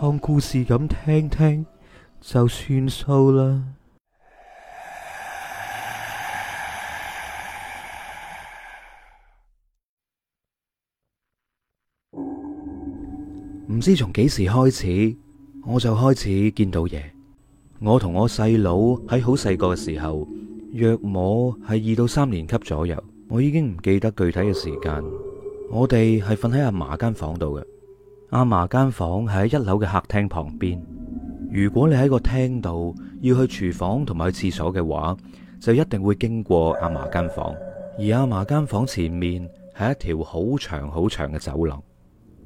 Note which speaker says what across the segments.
Speaker 1: 當故事咁聽聽就算數啦。唔知從幾時開始，我就開始見到嘢。我同我細佬喺好細個嘅時候，約我係二到三年級左右，我已經唔記得具體嘅時間。我哋係瞓喺阿嫲間房度嘅。阿嫲間房喺一樓嘅客廳旁邊。如果你喺個廳度要去廚房同埋去廁所嘅話，就一定會經過阿嫲間房。而阿嫲間房前面係一條好長好長嘅走廊。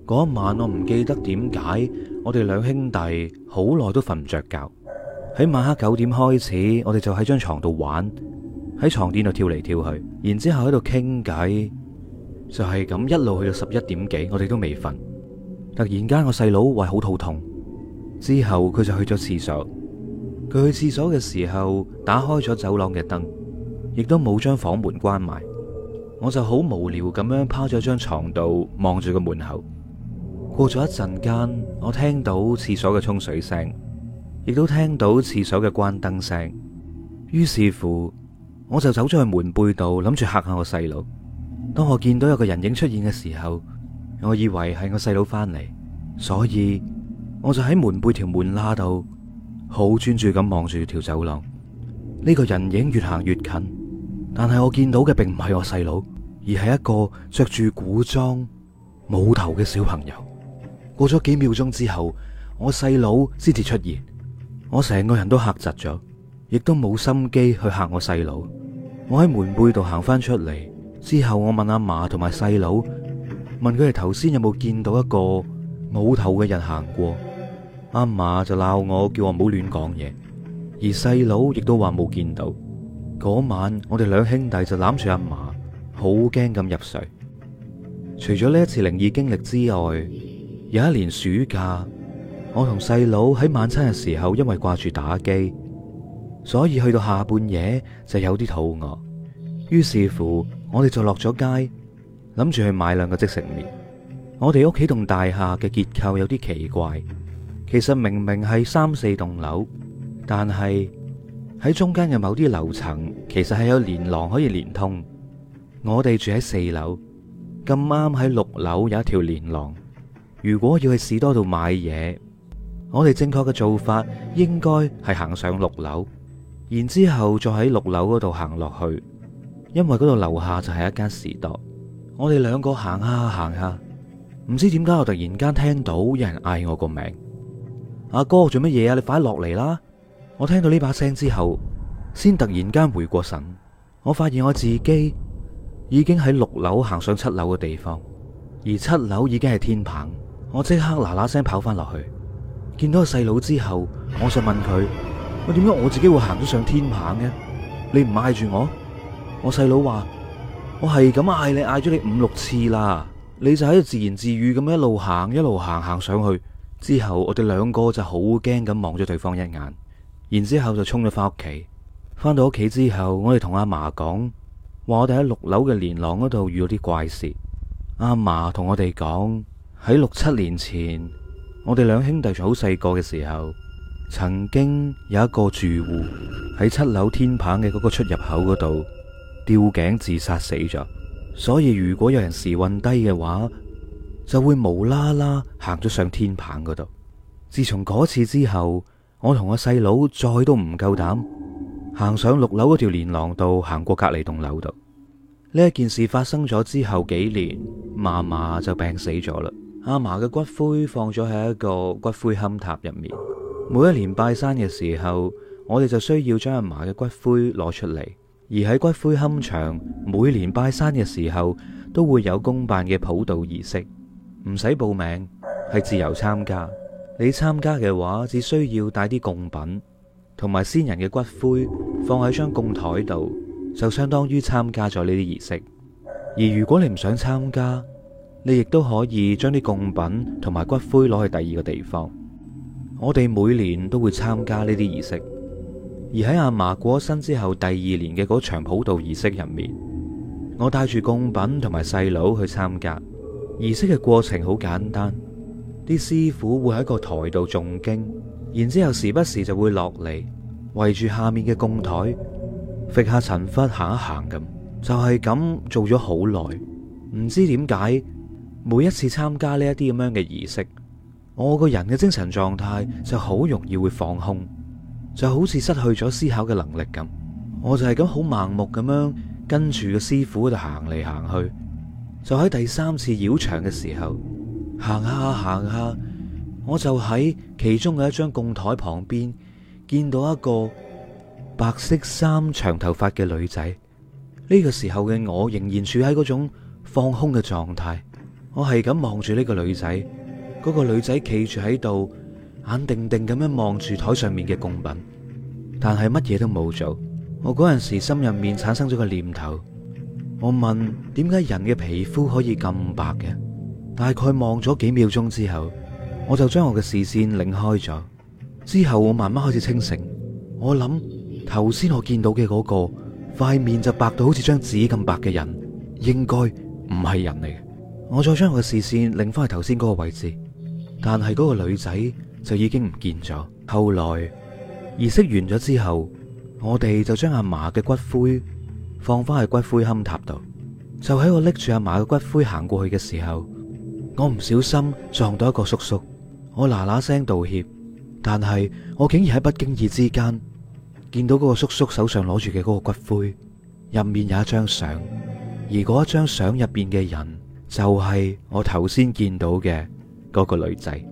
Speaker 1: 嗰晚我唔記得點解，我哋兩兄弟好耐都瞓唔着覺。喺晚黑九點開始，我哋就喺張床度玩，喺床墊度跳嚟跳去，然之後喺度傾偈，就係咁一路去到十一點幾，我哋都未瞓。突然間，我細佬胃好肚痛，之後佢就去咗廁所。佢去廁所嘅時候，打開咗走廊嘅燈，亦都冇將房門關埋。我就好無聊咁樣趴咗張床度，望住個門口。過咗一陣間，我聽到廁所嘅沖水聲，亦都聽到廁所嘅關燈聲。於是乎，我就走咗去門背度，諗住嚇下我細佬。當我見到有個人影出現嘅時候，我以為係我細佬翻嚟，所以我就喺門背條門罅度，好專注咁望住條走廊。呢個人影越行越近，但係我見到嘅並唔係我細佬，而係一個着住古裝冇頭嘅小朋友。過咗幾秒鐘之後，我細佬先至出現，我成個人都嚇窒咗，亦都冇心機去嚇我細佬。我喺門背度行翻出嚟之後，我問阿嫲同埋細佬。問佢哋頭先有冇見到一個冇頭嘅人行過，阿嫲就鬧我，叫我唔好亂講嘢，而細佬亦都話冇見到。嗰晚我哋兩兄弟就攬住阿嫲，好驚咁入睡。除咗呢一次靈異經歷之外，有一年暑假，我同細佬喺晚餐嘅時候，因為掛住打機，所以去到下半夜就有啲肚餓，於是乎我哋就落咗街。諗住去買兩個即食麵。我哋屋企棟大廈嘅結構有啲奇怪，其實明明係三四棟樓，但係喺中間嘅某啲樓層其實係有連廊可以連通。我哋住喺四樓，咁啱喺六樓有一條連廊。如果要去士多度買嘢，我哋正確嘅做法應該係行上六樓，然之後再喺六樓嗰度行落去，因為嗰度樓下就係一間士多。我哋兩個行下行下，唔知點解我突然間聽到有人嗌我個名，阿哥做乜嘢啊？你快落嚟啦！我聽到呢把聲之後，先突然間回過神，我發現我自己已經喺六樓行上七樓嘅地方，而七樓已經係天棚。我即刻嗱嗱聲跑翻落去，見到個細佬之後，我想問佢：喂，點解我自己會行咗上天棚嘅？你唔嗌住我？我細佬話。我係咁嗌你，嗌咗你五六次啦，你就喺度自言自語咁一路行，一路行行上去。之後我哋兩個就好驚咁望咗對方一眼，然之後就衝咗翻屋企。翻到屋企之後，我哋同阿嫲講，話我哋喺六樓嘅連廊嗰度遇到啲怪事。阿嫲同我哋講，喺六七年前，我哋兩兄弟仲好細個嘅時候，曾經有一個住戶喺七樓天棚嘅嗰個出入口嗰度，吊頸自殺死咗，所以如果有人時運低嘅話，就會無啦啦行咗上天棚嗰度。自從嗰次之後，我同我細佬再都唔夠膽行上六樓嗰條連廊度，行過隔籬棟樓度。呢一件事發生咗之後幾年，嫲嫲就病死咗啦。阿嫲嘅骨灰放咗喺一個骨灰龕塔入面，每一年拜山嘅時候，我哋就需要將阿嫲嘅骨灰攞出嚟。而喺骨灰龕場，每年拜山嘅時候都會有公辦嘅普渡儀式，唔使報名，係自由參加。你參加嘅話，只需要帶啲供品同埋先人嘅骨灰放喺張供台度，就相當於參加咗呢啲儀式。而如果你唔想參加，你亦都可以將啲供品同埋骨灰攞去第二個地方。我哋每年都會參加呢啲儀式。而喺阿嫲過身之後第二年嘅嗰場普渡儀式入面，我帶住貢品同埋細佬去參加儀式嘅過程好簡單，啲師傅會喺個台度誦經，然之後時不時就會落嚟圍住下面嘅供台，揈下塵拂行一行咁，就係咁做咗好耐。唔知點解每一次參加呢一啲咁樣嘅儀式，我個人嘅精神狀態就好容易會放空。就好似失去咗思考嘅能力咁，我就係咁好盲目咁樣跟住個師傅喺度行嚟行去。就喺第三次繞牆嘅時候，行下行下，我就喺其中嘅一張供台旁邊見到一個白色衫長頭髮嘅女仔。呢、這個時候嘅我仍然處喺嗰種放空嘅狀態，我係咁望住呢個女仔。嗰、那個女仔企住喺度。眼定定咁樣望住台上面嘅貢品，但係乜嘢都冇做。我嗰陣時心入面產生咗個念頭，我問點解人嘅皮膚可以咁白嘅？大概望咗幾秒鐘之後，我就將我嘅視線擰開咗。之後我慢慢開始清醒，我諗頭先我見到嘅嗰個塊面就白到好似張紙咁白嘅人，應該唔係人嚟。我再將我嘅視線擰翻去頭先嗰個位置，但係嗰個女仔，就已經唔見咗。後來儀式完咗之後，我哋就將阿嫲嘅骨灰放翻喺骨灰龕塔度。就喺我拎住阿嫲嘅骨灰行過去嘅時候，我唔小心撞到一個叔叔，我嗱嗱聲道歉。但係我竟然喺不經意之間見到嗰個叔叔手上攞住嘅嗰個骨灰，入面有一張相，而嗰一張相入邊嘅人就係我頭先見到嘅嗰個女仔。